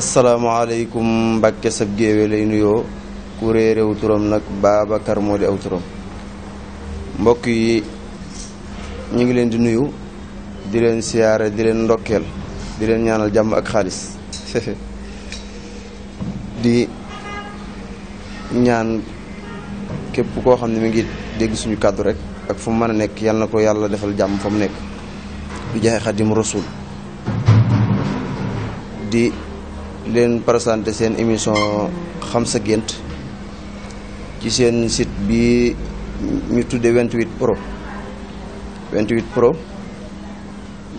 asalaamaaleykum Mbàkke sab géewe lay nuyoo ku réeréw turam nag Babacar moo di aw turam mbokk yi ñu ngi leen di nuyu di leen siyaare di leen ndokkeel di leen ñaanal jàmm ak xaalis di ñaan képp koo xam ne mi ngi dégg suñu kàddu rek ak fu mu mën a nekk yal na ko yàlla defal jàmm fa mu nekk du jaxe Xadim Rasul di leen présenté seen émission xam sa gént ci seen sit bi ñu tudde 28 pro 28 pro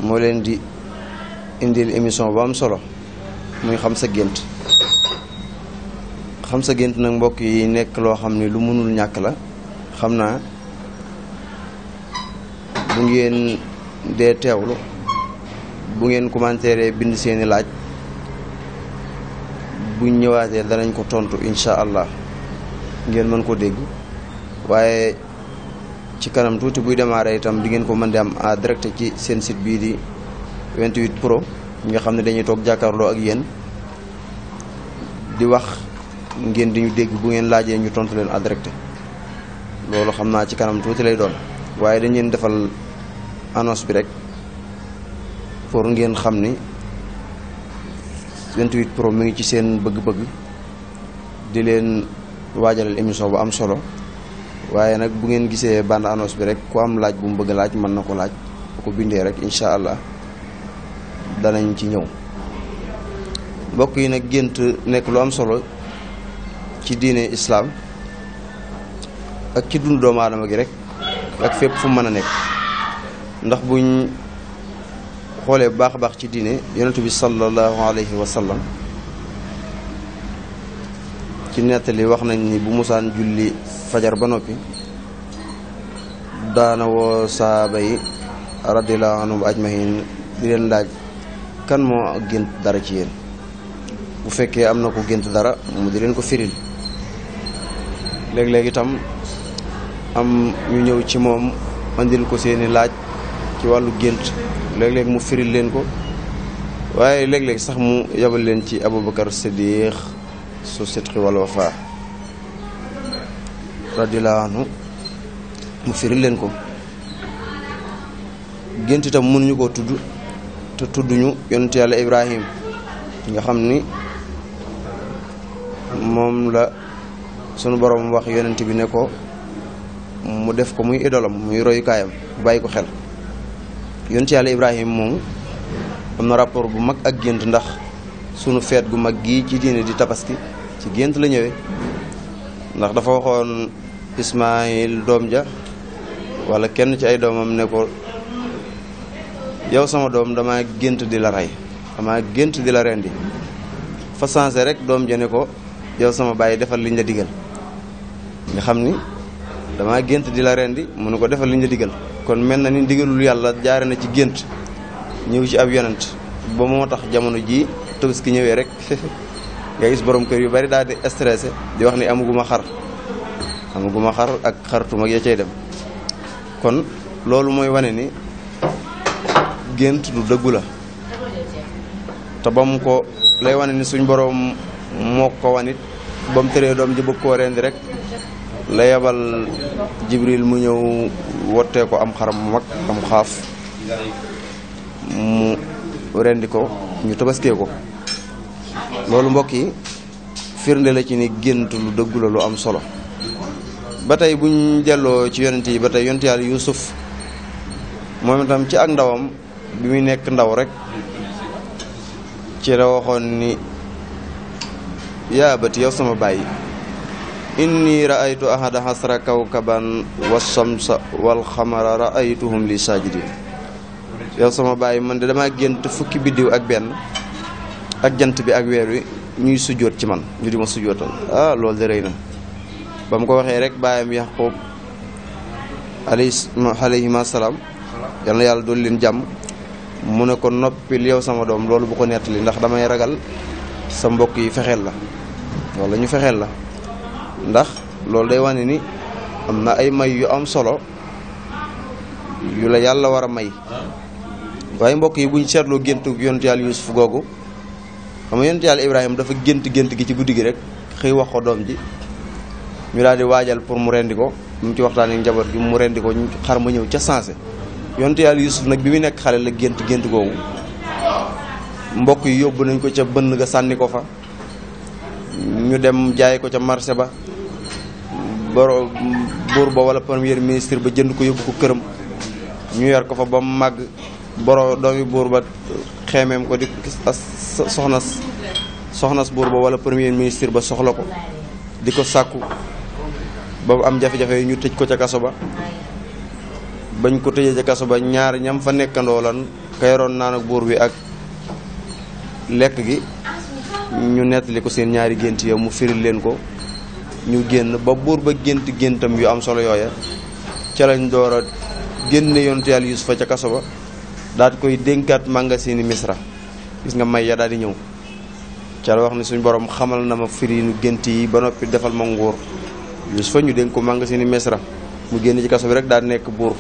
moo leen di indil émission bu am solo muy xam sa gént xam sa gént nag mbokk yi nekk loo xam ne lu mënul ñàkk la xam naa bu ngeen dee teewlu bu ngeen commentaire bind seeni laaj buñ ñëwaatee danañ ko tontu incha allah ngeen mën ko dégg waaye ci kanam tuuti buy démarré itam di ngeen ko mën di am en direct ci seen site bii di 28 pro nga xam ne dañuy toog jàkkaarloo ak yéen di wax ngeen di ñu dégg bu ngeen laajee ñu tontu leen en direct loolu xam naa ci kanam tuuti lay doon waaye dañ leen defal annonce bi rek pour ngeen xam ni 28 pro mu ngi ci seen bëgg-bëgg di leen waajalal émission bu am solo waaye nag bu ngeen gisee bande annonce bi rek ku am laaj bu mu bëgg laaj mën na ko laaj bu ko bindee rek incha allah danañ ci ñëw mbokk yi nag gént nekk lu am solo ci diine islaam ak ci dundu doomu aadama gi rek ak fépp fu mën a nekk ndax buñ xoolee bu baax a baax ci diine yonentu bi sallallahu alayhi wa sallam ci nettali wax nañ ni bu musaan julli fajar ba noppi daana woo saaba yi radiyallahu anhum ajmahin di leen laaj kan moo gént dara ci yéen bu fekkee am na ko gént dara mu di leen ko firil léeg-léeg itam am ñu ñëw ci moom indil ko seeni laaj ci wàllu gént léeg-léeg mu firil leen ko waaye léeg-léeg sax mu yabal leen ci aboubacar siddiq su sidqi wal wafa radiallahu anhu mu firil leen ko gént itam mënuñu koo tudd te tudduñu yonent yàlla ibrahim nga xam ni moom la sunu borom wax yonent bi ne ko mu def ko muy idolam muy royukaayam bàyyi ko xel yonent yàlla Ibrahima moom am na rapport bu mag ak gént ndax sunu feet gu mag gii ci diine di tabaski ci gént la ñëwee ndax dafa waxoon Ismaayil doom ja wala kenn ci ay doomam ne ko yow sama doom dama gént di la rey dama gént di la rendi fa changé rek doom ja ne ko yow sama bàyyi defal liñ la digal nga xam ni damaa gént di la rendi mënu ko defal liñ la digal kon mel na ni ndigalul yàlla jaare na ci gént ñëw ci ab yonent ba moo tax jamono jii ki ñëwee rek nga gis borom kër yu bari daal di stressé di wax ni amaguma xar amaguma xar ak xartuma ya cay dem kon loolu mooy wane ni gént du dëggu la te ba mu ko lay wane ni suñ boroom moo ko wanit ba mu tëree doom ji koo rendi rek la yebal Jibril mu ñëw wottee ko am xaram mu mag am xaaf mu rendi ko ñu tabaskee ko loolu mbokk yi firnde la ci ni gént lu dëggu lu am solo ba tey buñ delloo ci yonent yi ba tey yonent yàlla Yuusuf moom itam ci ak ndawam bi muy nekk ndaw rek ci la waxoon ni yaa bati yow sama bàyyi inni raaytu ahada xasra kawkaban wasamsa walxamara raaytuhum li saajidin yow sama bàyyi man de damaa gént fukki biddiw ak benn ak jant bi ak weer wi ñuy sujjóot ci man ñu di ma sujjóotal ah loolu de rëy na ba mu ko waxee rek baayam yaqub alayhima salaam yal na yàlla doon leen jàmm mu ne ko noppil yow sama doom loolu bu ko nettali ndax damay ragal sa mbokk yi fexeel la wala ñu fexeel la ndax loolu day wane ni am na ay may yu am solo yu la yàlla war a may waaye mbokk yi buñ seetloo gént yontu yàlla Yuusuf googu xam nga yontu yàlla Ibrahima dafa gént gént gi ci guddi rek xëy wax doom ji ñu daal waajal pour mu rendi ko mu ci waxtaanee njaboot gi mu rendi ko xar ma ñëw ca sensé yontu nag bi muy nekk xale gént gént googu mbokk yi yóbbu nañ ko ca bënn sànni ko fa ñu dem jaay ko ca marché ba boro buur ba wala premier ministre ba jënd ko yóbbu ko këram ñu yar ko fa ba mu màgg boro doomi buur ba xeemeem ko di soxna soxnas buur ba wala premier ministre ba soxla ko di ko sàkku ba am jafe-jafe yi ñu tëj ko ca kaso ba bañ ko tëjee ca kaso ba ñaar ñam fa nekkandoo lan kayaroon naan ak buur bi ak lekk gi ñu nettali ko seen ñaari gént ya mu firil leen ko ñu génn ba buur ba gént géntam yu am solo yooya ca lañ door a génne yontu yàlla ca kaso ba daal koy dénkaat màngasini mesra gis nga may ya daal di ñëw ca wax ne suñu borom xamal na ma firinu gént yi ba noppi defal ma nguur yusufa ñu dénk ko màngasini misra mu génn ci kaso bi rek daal nekk buur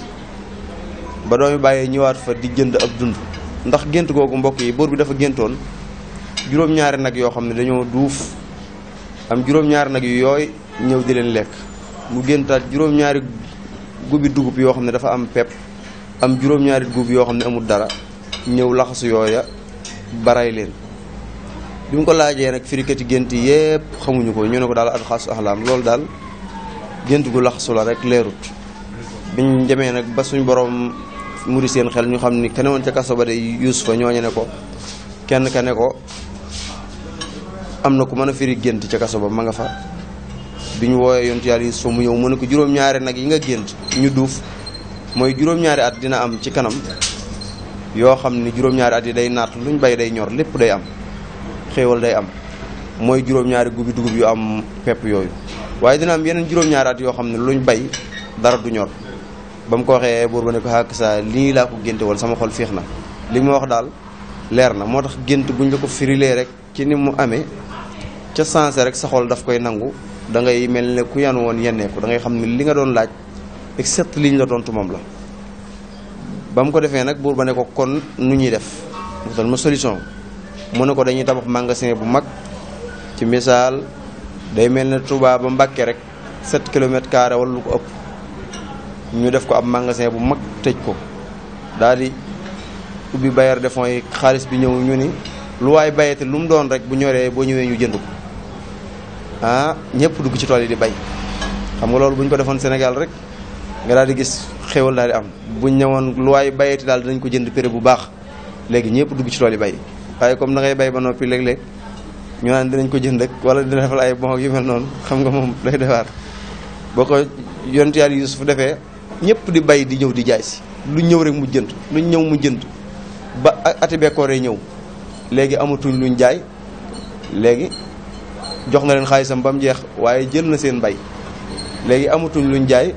ba doomi bàyyee ñëwaat fa di jënd ab dund ndax gént googu mbokk yi buur bi dafa géntoon juróom-ñaari nag yoo xam ne dañoo duuf am juróom-ñaar nag yu yooy ñëw di leen lekk mu géntaat juróom-ñaari gubi dugub yoo xam ne dafa am pep am juróom-ñaari guub yoo xam ne amul dara ñëw laxasu yooya baray leen bi mu ko laajee nag firikati gént yépp xamuñu ko ñu ne ko daal ak xasu axlaam loolu daal gént gu laxasu la rek leerut biñ demee nag ba suñ borom muri seen xel ñu xam ni kene woon ca kaso ba de Yuusufa ko kenn ka ne ko am na ku mën a firi gént ca kaso ba ma nga fa bi ñu woowee yontu yàlla Yuusufa mu ñëw mu ne ko juróom-ñaari nag yi nga gént ñu duuf mooy juróom-ñaari at dina am ci kanam yoo xam ne juróom-ñaari at day naat luñ bay day ñor lépp day am xéewal day am mooy juróom-ñaari gubi dugub yu am pepp yooyu waaye dina am yeneen juróom-ñaari at yoo xam ne ñu bay dara du ñor ba mu ko waxee buur ba ne ko xàkk saa lii laa ko génte wal sama xol féex na li ma wax daal leer na moo tax gént buñ la ko firilee rek ci ni mu amee ca sensé rek sa xol daf koy nangu da ngay mel ne ku yan woon yenneeku da ngay xam ne li nga doon laaj except liñ la doon moom la. ba mu ko defee nag buur ba ne ko kon nu ñuy def mu solution mu ne ko dañuy tabax magasin bu mag ci misaal day mel ni Touba ba Mbàkke rek set kilomètres carrés wala lu ko ëpp ñu def ko ab magasin bu mag tëj ko daal ubbi bailleur de fonds xaalis bi ñëw ñu ni lu waay bayete lu mu doon rek bu ñoree boo ñëwee ñu jënd ko ah ñëpp dugg ci tool yi di bay xam nga loolu bu ñu ko defoon Sénégal rek nga daal di gis xéwal daal di am buñ ñëwoon lu waay bayete daal dinañ ko jënd péré bu baax léegi ñëpp dugg ci tool yi bay waaye comme da ngay bay ba noppi léeg ñu naan dinañ ko jënd ak wala dina defal ay bon yu mel noonu xam nga moom day defaat boo ko yonent yàlla Yuusuf defee ñëpp di bay di ñëw di jaay si lu ñëw rek mu jënd lu ñëw mu jënd ba ati bekkoor yi ñëw léegi amatuñ luñ jaay léegi jox na leen xaalisam ba mu jeex waaye jël na seen mbay léegi amatuñ luñ jaay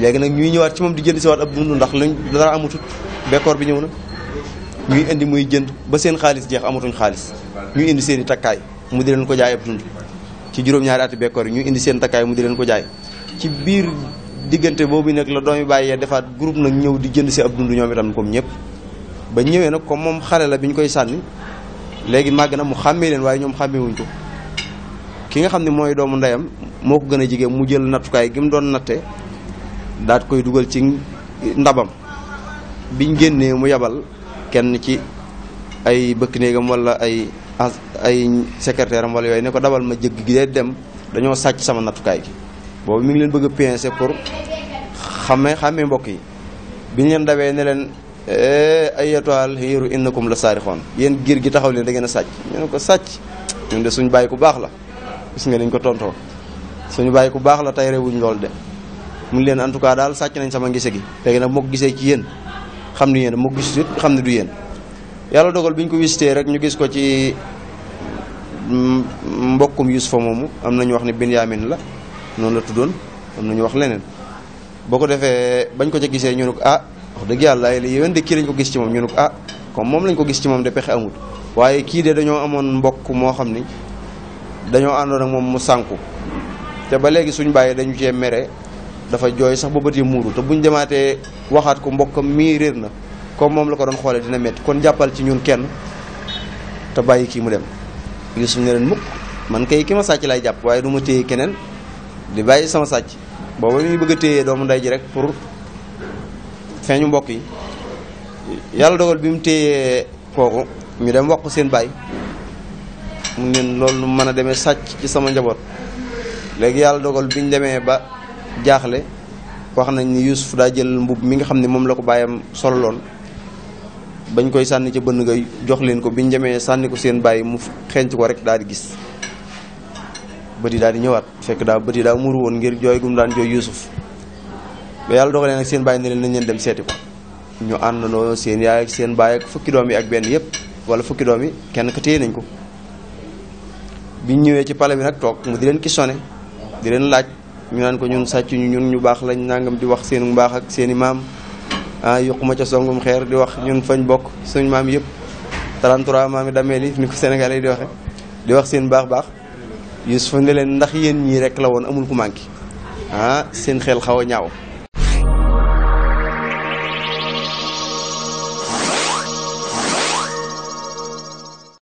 léegi nag ñuy ñëwaat ci moom di jënd si waat ab dund ndax luñ dara amatut bekkoor bi ñëw na ñuy indi muy jënd ba seen xaalis jeex amatuñ xaalis ñuy indi seen i takkaay mu di leen ko jaay ci juróom-ñaari ati bekkoor yi ñuy indi seen takkaay mu di leen ko jaay ci biir diggante boobu nekk la doomi bàyyee defaat groupe nag ñëw di jënd si ab dund ñoom itam comme ñëpp ba ñëwee nag comme moom xale la bi ñu koy sànni léegi màgg na mu xàmmee leen waaye ñoom xàmmee wuñ ko ki nga xam ne mooy doomu ndeyam moo ko gën a jigéen mu jël nattukaay gi mu doon natte daat koy dugal ci ndabam biñ génnee mu yabal kenn ci ay bëkk néegam wala ay ay secrétaire am yooyu ne ko dabal ma jëgg gi day dem dañoo sàcc sama nattukaay gi boobu mu ngi leen bëgg a pincé pour xame xàmmee mbokk yi biñ leen dawee ne leen Eh, ayatuhal hiiru innakum la saarixoon yéen giir gi taxaw leen da ngeen a sàcc ñu ne ko sàcc ñun de suñu bàyyi ku baax la gis nga nañ ko tontoo suñu bàyyi ku baax la tey rewuñ lool de mun leen en tout cas daal sàcc nañ sama ngise gi léegi nag moo gisee ci yéen xam ne yéen moo ko gisut xam ne du yéen yàlla dogal bi ñu ko wisitee rek ñu gis ko ci mm, mbokkum Yusufa moomu am na ñu wax ne Binyamin la noonu la tuddoon am nañu wax leneen boo ko defee bañ ko ca gisee ñu ne ah, wax dëgg yàlla ay yéen de kii lañ ko gis ci moom ñu ne ko ah comme moom lañ ko gis ci moom de pexe amul waaye kii de dañoo amoon mbokk moo xam ni dañoo àndoon ak moom mu sànku te ba léegi suñu bàyyi dañu cee mere dafa jooy sax ba bët yi muuru te buñ demaatee waxaat ko mbokkam mii réer na comme moom la ko doon xoolee dina métti kon jàppal ci ñun kenn te bàyyi kii mu dem Yuusuf ne leen mukk man kay ki ma sàcc lay jàpp waaye du ma téye keneen di bàyyi sama sàcc booba ñuy bëgg a téye doomu nday ji rek pour feeñu mbokk yi yàlla dogal bi mu téyee kooku ñu dem wax ko seen baay mu leen loolu mën a demee sàcc ci sama njaboot léegi yàlla dogal bi ñu demee ba jaaxle wax nañ ni Yuusuf daa jël mbubb mi nga xam ne moom la ko baayam sololoon bañ koy sànni ci bënn nga jox leen ko bi ñu demee sànni ko seen bàyyi mu xenc ko rek daal di gis bët yi daal di ñëwaat fekk daa bët yi daa muur woon ngir jooy gum daan jooy Yuusuf ba yàlla dogalee nag seen bàyyi ne leen nañ leen dem seeti ko ñu àndandoo seen yaay seen baay ak fukki doom yi ak benn yëpp wala fukki doom yi kenn ko téye nañ ko biñ ñëwee ci pale bi nag toog mu di leen ki questionné di leen laaj ñu naan ko ñun sàcc ñu ñun ñu baax lañ nàngam di wax seen mbaax ak seen i maam ah yokkuma ca songum xeer di wax ñun fañ bokk suñ maam yëpp 33 maam yi dameel yi ni ko Sénégalais yi di waxe di wax seen baax baax yu ne leen ndax yéen ñii rek la woon amul ku manqué ah seen xel xaw a ñaaw